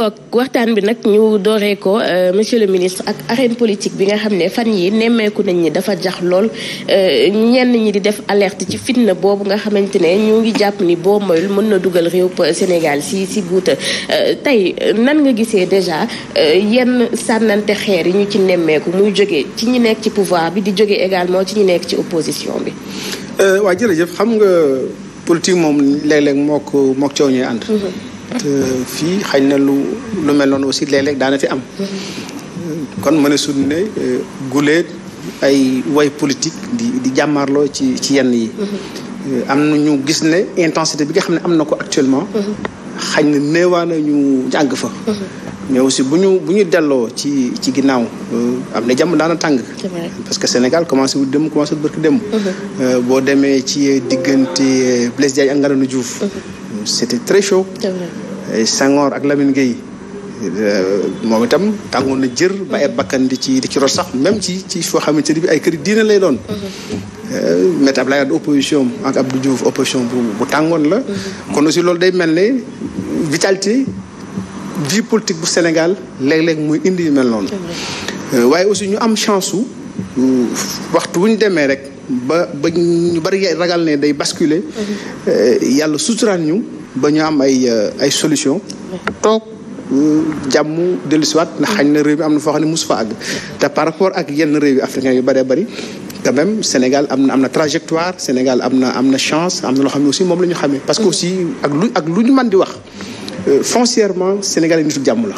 kook waxtaan bi nag ñu dooree ko euh, monsieur le ministre ak arène politique bi nga xam ne fan yi nemmeeku nañ ni dafa jax lool euh, ñenn ñi di def alerte ci fitna boobu nga xamante ne ñu ngi jàpp ni boo moyul mën na dugal réew Sénégal si si guuta euh, tey nan nga gisee déjà yenn sànnante xeer yi ñu ci nemmeeku muy jóge ci ñi nekk ci pouvoir bi di jóge également ci ñi nekk ci opposition bi waa jërëjëf xam nga politique moom léeg-léeg moo coow ñuy ànd mm-hmm. fii xañ na lu lu mel noonu aussi léeg-léeg daana fi am kon mën a sunu ne euh, guleet ay way politique di di jàmmaarloo ci ci yenn yi euh, am na ñu gis ne intensité bi nga xam ne am na ko actuellement xañ na néewaana ñu jàng fa mais aussi bu ñu bu ñu delloo ci ci ginnaaw euh, am na jàmm daana tàng parce que Sénégal commencé wu dem commencé wu bërki dem boo demee ci diggante Blaise Diagne ak Ngalandou Diouf mm-hmm. c'était très chaud ay eh, sangoor ak Lamine Gueye eh, moom itam tàngoon na jër ba ay bakkan ci di sax même ci ci foo xamante ni bi ay kër diina lay doon. Eh, Maître Abdoulaye Wade opposition ak Abdou Diouf opposition bu tàngoon la. kon aussi loolu day mel ne vitalité vie politique bu Sénégal léeg-léeg muy indi yu mel noonu. waaye aussi ñu am chance su waxtu wuñ demee rek ba ba ñu bari ragal ne day basculer. yàlla suturaan ñu. ba ñu am ay euh, ay solution toog jàmm dellusiwaat ndax xañ na réew mi am na foo xam ne mosu fa àgg te par rapport ak yenn réew yi africain yu bëree bari te même Sénégal am na am na trajectoire Sénégal am na am na chance am na loo xam ne aussi moom la ñu xamee parce que mm-hmm. aussi ak lu ak lu ñu mën di wax euh, foncièrement Sénégal yi nitu jàmm la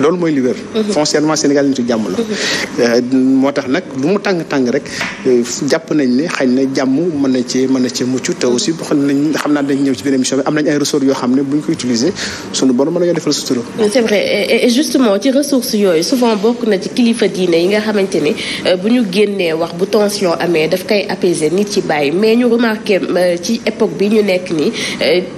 loolu mooy li wér. Mhm. foncièrement Sénégal nitu jàmm la. Mhm. Euh, moo tax nag lu mu tàng tàng rek euh, jàpp nañ ne xañ na jàmm mën na cee mën na cee mucc te aussi xam nañ xam naa dañ ñëw ci beneen am nañ ay ressources yoo xam ne bu ñu ko utiliser sunu borom mën nañoo defal sutura. c'est vrai et justement ci ressources yooyu souvent bokk na ci kilifa diine yi nga xamante ni euh, bu ñu génnee wax bu tension amee daf koy apaiser nit ci bàyyi mais ñu remarqué ci époque bi ñu nekk nii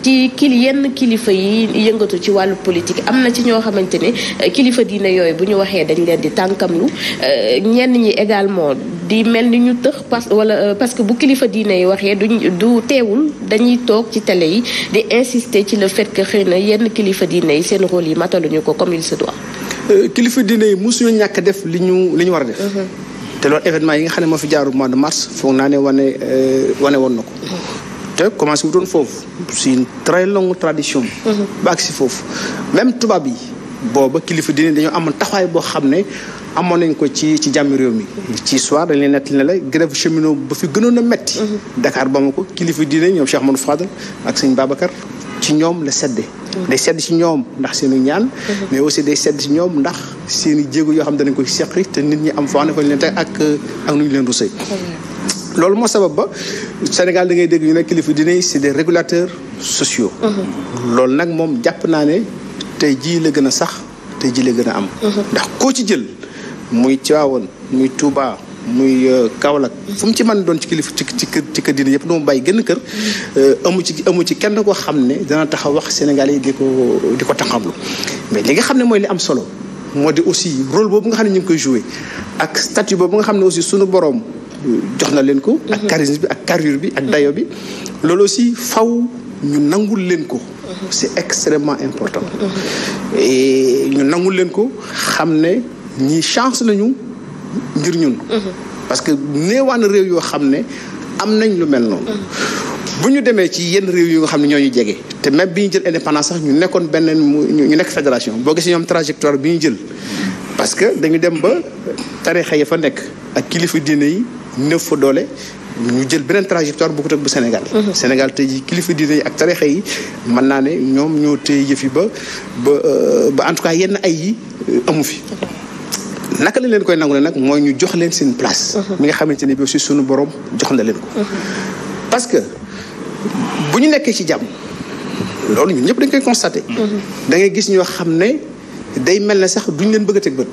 ci kil yenn kilifa yi yëngatu ci wàllu politique am na ci ñoo xamante ni. kilifa diine yooyu bu ñu waxee dañ leen di tànkamlu euh, ñenn ñi également di mel ni ñu tëx parce wala euh, parce que bu kilifa diine yi waxee du ñu du teewul dañuy toog ci télé yi di insister ci la fait xëy na yenn kilifa diine yi seen rôle yi mataluñu ko comme il se doit. Euh, kilifa diine yi mosuñu ñàkk def li ñu li ñu war a def. Mm-hmm. yi nga xam ne moo fi jaaru mois de mars naa ne wane wane woon na ko. Mm-hmm. te commencé wutoon foofu c'est une longue tradition. Mm-hmm. ba ak si foofu même tubaab yi. booba kilifa dinañ dañoo amoon taxawaay boo xam ne amoon nañ ko ci ci jàmm réew mi. ci soir dañ leen nettali ne la grève cheminot ba fi gënoon a metti mm-hmm. Dakar ba ma ko kilifa dinañ ñoom Cheikh Amadou Fadal ak sëñ Babacar ci ñoom la sedde mm-hmm. day sedd ci ñoom ndax seenu ñaan. Mm-hmm. mais aussi day sedd ci ndax seen i jéego yoo xam ne danañ ko seqi te nit ñi am foo xam ne fa ñu leen teg ak ak nu ñu leen rusee. loolu moo sabab ba Sénégal da ngay dégg ñu ne kilifa dinañ c'est des régulateurs sociaux. loolu nag moom jàpp naa ne. tey jii la gën a sax tey jii la gën a am. Mhm. ndax koo ci jël muy Tiwaawan muy Touba muy euh, Kaolack. fu mu ci man doon ci kilifa ci ci kër ci kër diine yëpp dama bàyyi gën a kër. Mhm. Euh, amu ci amu ci kenn koo xam ne dana tax wax sénégal yi di ko di ko taxamlu mais li nga xam ne mooy li am solo. moo di aussi rôle boobu nga xam ne ñu ngi koy joué ak statut boobu nga xam ne aussi sunu borom euh, jox na leen ko. ak mhm. charisme bi ak karir bi ak dayo bi. loolu aussi faw ñu nangul leen ko. c'est extrêmement important ñu nangul leen ko xam ne ñi chance nañu ngir ñun parce que néewaan réew yoo xam ne am nañ lu mel noonu bu ñu demee ci yenn réew yi nga xam ne ñoo ñu jege te même bi ñu jël indépendance sax ñu nekkoon benn ñu nekk fédération boo gisee ñoom trajectoire bi ñu jël parce que dañu dem ba tarixa ya fa nekk ak kilifa diine yi néew fa doole ñu jël beneen trajectoire bu ko tëg bu Sénégal mhm. Sénégal te jii kilifa diine yi ak tarixa yi mën naa ne ñoom ñoo te yëf yi ba ba euh, ba en tout cas yenn ay yi euh, amu fi naka la leen koy nangu nag mooy ñu jox leen seen place mhm. mi nga xamante ne bi aussi suñu borom jox na leen ko mhm. parce que bu ñu nekkee ci jàmm loolu ñun ñëpp dañ koy constaté da ngay gis ñoo xam ne day mel ne sax duñ leen bëgg a teg bët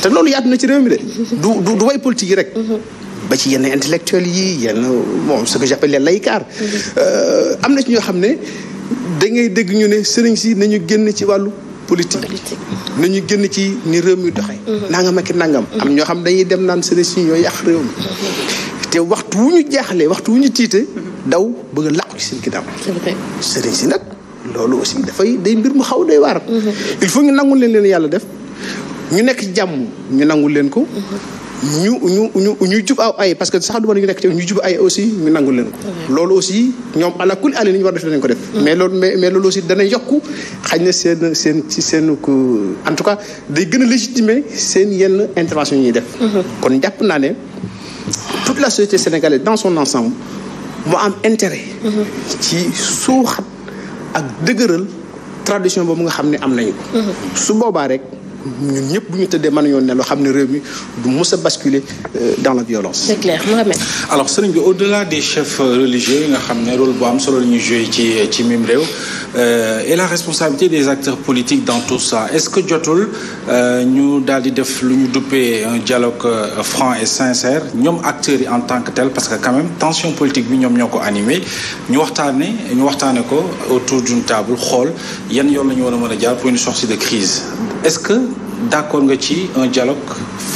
te loolu yaatu na ci réew mi de du way politique yi rek ba ci yenn intellectuels yi yenn bon ce que j'appelle les laïcards euh, am na ci ñoo xam ne da ngay dégg ñu ne sëriñ si nañu génn ci wàllu politique nañu génn ci ni réew mi doxee mhm. nangam ak nangam mhm. am ñoo xam dañuy dem naan sëriñ si ñoo yàq réew mi mhm. te waxtu wu ñu jaaxlee waxtu wu ñu tiite daw bëgg a làqu ci seen ginnaaw sëriñ si nag loolu aussi dafay day mbir mu xaw day waar il faut ñu nangu leen leen yàlla def ñu nekk jàmm ñu nangu leen ko ñu ñu ñu ñu jub aw ay parce que sax du ma ñu nekk ci ñu jub ay aussi ñu nangul leen ko. loolu aussi ñoom ala kulli àll li ñu war def danañ ko def. Mm. mais loolu mais mais loolu aussi dana yokk xañ na seen seen ci seen en tout cas day gën a légitimer seen yenn intervention yi ñuy def. Mm-hmm. kon jàpp naa ne toute la société sénégalaise dans son ensemble moo am intérêt. Mm-hmm. ci suuxat ak dëgëral tradition boobu nga xam ne am nañu ko. Mm-hmm. su boobaa rek. ñun ñëpp bu ñu tëddee mën nañoo neloo xam ne réew mi du mës a basculer euh, dans la violence. c'est clair Mohamed. alors sëriñ bi au-delà des chefs euh, religieux yi nga xam ne rôle bu am solo la ñuy joué ci ci mim réew euh, et la responsabilité des acteurs politiques dans tout ça est-ce que jotul ñu dal di def lu ñu duppee un dialogue franc et sincère ñoom acteurs yi en tant que tel parce que quand même tension politique bi ñoom ñoo ko animé ñu waxtaane ñu waxtaane ko autour d'une table xool yan yoon la ñu war a mën a jaar pour de crise est-ce que d'accord nga ci un dialogue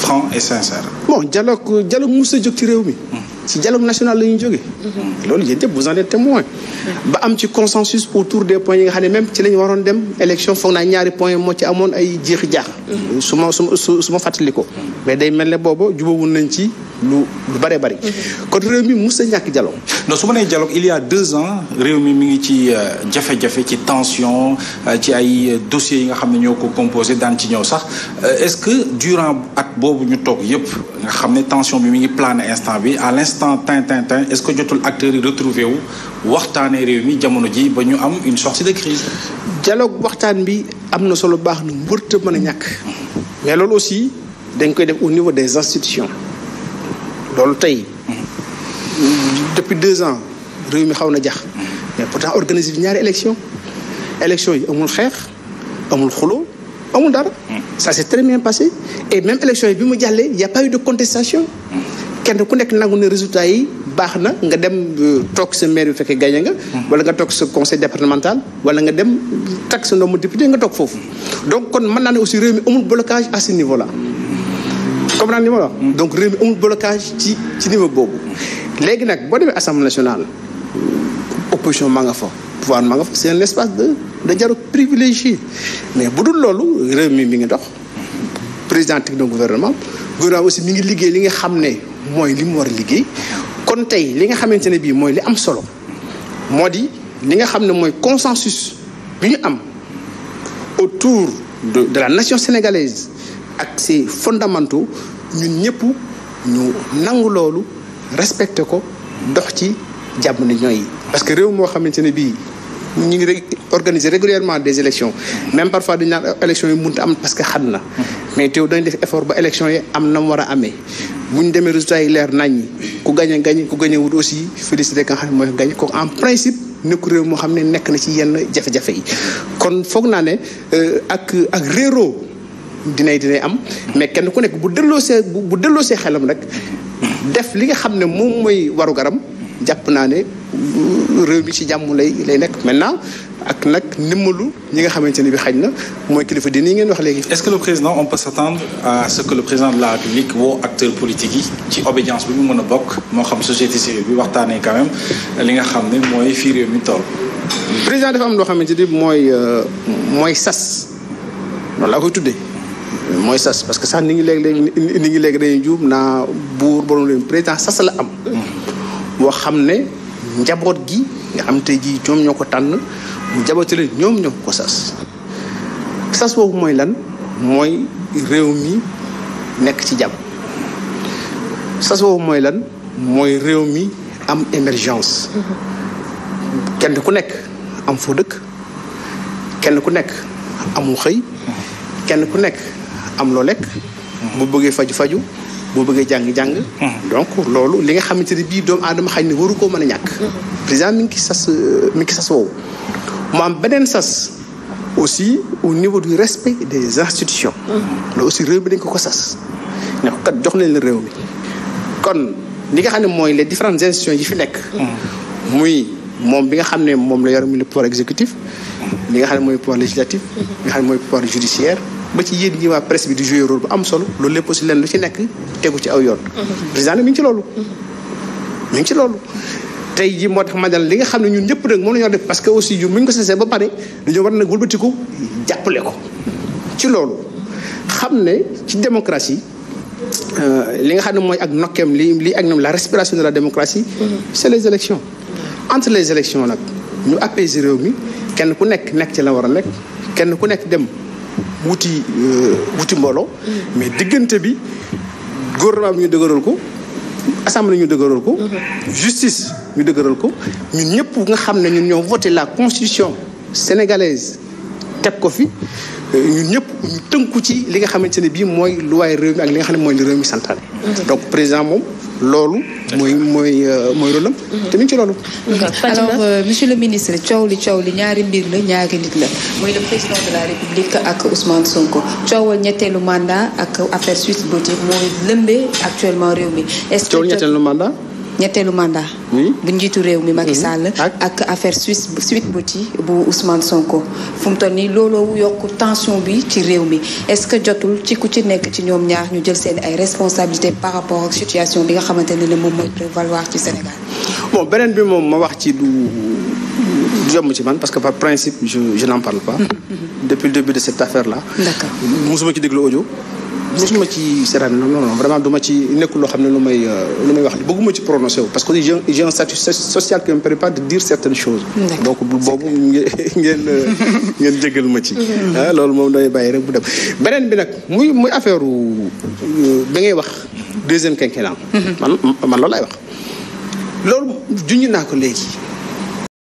franc et sincère. bon dialogue dialogue mos a jóg ci réew mi. Hmm. ci dialogue national la ñuy jógee. Hmm. loolu yéen ñëpp sa en êtes témoin hmm. ba am ci consensus autour de points yi nga xam ne même ci la ñu waroon dem élection foog naa ñaari points moo ci amoon ay jeexi jaax. su ma su ma su ma fàttalikoo. mais day mel ne boobu jubawul nañ ci. lu lu bare bari. Mhm. kon réew mi mos a ñàkk dialogue. non su ma nee dialogue il y deux ans réew mi mi ngi ci euh, jafe-jafe ci tension euh, ci ay euh, dossiers yi nga xam ne ñoo ko composé daan ci ñëw sax est-ce que durant ak boobu ñu toog yépp nga xam ne tension bi mi ngi plané instant bi à l'instant tin tin tin est-ce que jotul acteurs yi retrouvé wu waxtaanee réew mi jamono ji ba ñu am une sortie de crise. dialogue waxtaan bi am na solo baax na mbërte mën a ñàkk. Mhm. mais loolu aussi dañ koy def au niveau des institutions. loolu tey depuis deux ans réew mi xaw na jax mais pourtant organisé bi ñaari élection élection yi amul xeex amul xuloo amul dara ça s'est très bien passé et même élection yi bi mu jàllee y a pas de contestation kenn ku nekk nangu ne résultat yi baax na nga dem euh, toog sa maire bi fekkee gagné nga wala nga toog sa conseil départemental wala nga dem tag sa mu député nga toog foofu donc kon mën naa ne aussi réew mi amul blocage à ce niveau là comprendre li ma la mm. donc réew mi amul blocage ci ci niveau boobu. léegi nag boo demee assemblée nationale opposition maa nga fa pouvoir maa nga fa c'est un espace de de dialogue mais bu dul loolu réew mi mi ngi dox. président techno gouvernement gouvernement aussi mi ngi liggéey li nga xam ne mooy li mu war a liggéey kon tey li nga xamante ne bii mooy li am solo moo di li nga xam ne mooy consensus bi ñu am autour de de la nation sénégalaise. ak ses fondamentaux ñun ñëpp ñu nangu loolu respecté ko dox ci jàmm ni ñooy. parce que réew moo xamante ne bii ñu ngi organiser régulièrement des élections même parfois dañu naan élections yi mënut am parce que xat na mais teew dañu def effort ba élections yi am na mu war a amee bu ñu demee résultats yi leer nañ ku gañ a gañ ku gañ a wut aussi félicité nga xam ne mooy gañ ko en principe. nekk réew moo xam ne nekk na ci yenn jafe-jafe yi kon foog naa ne euh, ak ak réeroo dinay dinay am mais kenn ku nekk bu delloo see bu delloo see xelam rek def li nga xam ne moom mooy waru garam jàpp naa ne euh, réew mi ci jàmm lay lay nekk maintenant ak nag ndimbalu ñi nga xamante ne bi xañ na mooy kilifa dini ngeen wax léegi. est-ce que le président on peut s'attendre la République woo acteurs politiques yi ci obédience bi mu mën a bokk moo xam société bi waxtaanee quand même nga xam ne mooy fii réew mi toll. président dafa am loo xamante ni mooy euh, mooy sas loolu laa koy tuddee. mooy sas parce que sax ni ngi léegi ni ngi léegi dañuy juum naa buur borom leen président sas la am boo xam ne njaboot gi nga xam tey jii ñoom ñoo ko tànn ci leen ñoom ñoo ko sas sas boobu lan mooy réew mi nekk ci jàmm sas mooy lan mooy réew mi am émergence kenn ku nekk am foo dëkk kenn ku nekk amul xëy kenn ku nekk am loo lekk bu bëggee faju faju boo bëggee jàng-jàng donc loolu li nga xamante ne bii doomu aadama xañ ne waru koo mën a ñàkk président mi ngi sas mi ngi sas woowu mu am beneen sas aussi au niveau du respect des institutions loolu aussi réew bi dañ ko ko sas ne ko kat jox leen réew mi kon li nga xam ne mooy les différentes yi fi nekk muy moom bi nga xam ne moom la yor muy le pouvoir exécutif li nga xam ne mooy pouvoir législatif li nga xam ne mooy pouvoir judiciaire ba ci yéen ñi waa presse bi di jouer rôle bu am solo loolu lépp aussi leen lu ci nekk tegu ci aw yoon. président mi ngi ci loolu. mi ngi ci loolu. tey jii moo tax ma dal li nga xam ne ñun ñëpp nag moom la ñu def parce que aussi ñun bu ñu ko sesee ba pare dañoo war nag jàppale ko. ci loolu xam ne ci démocratie euh, li nga xam ne mooy ak nokkeem li li ak ñoom la respiration de la démocratie. c'est les élections. entre les élections nag ñu apaiser réew mi kenn ku nekk nekk ci la war a nekk kenn ku nekk dem. wuti euh, wuti mbooloo. mais diggante bi gouvernement bi ñu dëgëral ko. assemblée ñu dëgëral ko. justice ñu dëgëral ko ñun ñëpp nga xam ne ñun ñoo voté la constitution sénégalaise. teg ko fi ñun ñëpp tënku ci li nga xamante ne bii mooy luwaay réew mi ak li nga xam ne mooy li réew mi santaane. Mm-hmm. donc président moom loolu. mooy mooy euh, mooy rôlam mm-hmm. te mi ngi ci loolu. Mm-hmm. alors euh, monsieur le ministre coow li coow li ñaari mbir la ñaari nit la mooy le président de la république ak Ousmane Sonko coowal ñetteelu mandat ak affaire Sweet Beauté mooy lëmbee actuellement réew mi. est-ce que coowal ñetteelu mandat. ñetteelu mandat. oui bu njiitu réew mi Macky mhm. Sall. ak affaire Suisse Sweet ci bu Ousmane Sonko fu mu nii looloo yokk tension bi ci réew mi est-ce que jotul ci ku ci nekk ci ñoom ñaar ñu jël seen ay responsabilités par rapport ak situation bi nga xamante ne ne moom mooy prévaloir ci Sénégal. bon beneen bi moom ma wax ci du jomb ci man parce que par principe je je n'en parle pas. depuis le début de cette affaire là. d'accord mosuma ci déglu audio. mosuma ci seetaan non ma ci nekkul loo xam ne lu may euh, lu may wax bëgguma ci prononcé wu parce que j'ai j'ai un statut social qui me permet pas euh, ma ci mm-hmm. ah loolu moom damay bàyyi rek bu dem beneen bi nag muy muy affaire euh, bi ngay wax deuxième quinquennat mm-hmm. man man loolu laay wax loolu juñu naa ko léegi